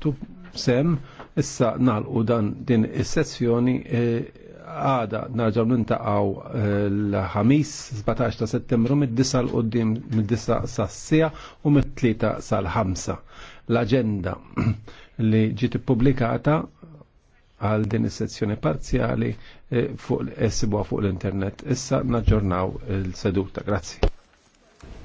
tu sem issa nalqu dan din is-sessjoni e, għada narġaw nintaqaw e, l-ħamis 17 ta' settembru mid disa l-qoddim mid disa sassija u mid tlita sal-5. L-agenda li ġiet publikata għal din is-sezzjoni parzjali e, fuq fuq l-internet. Issa naġġornaw il-seduta. Grazzi.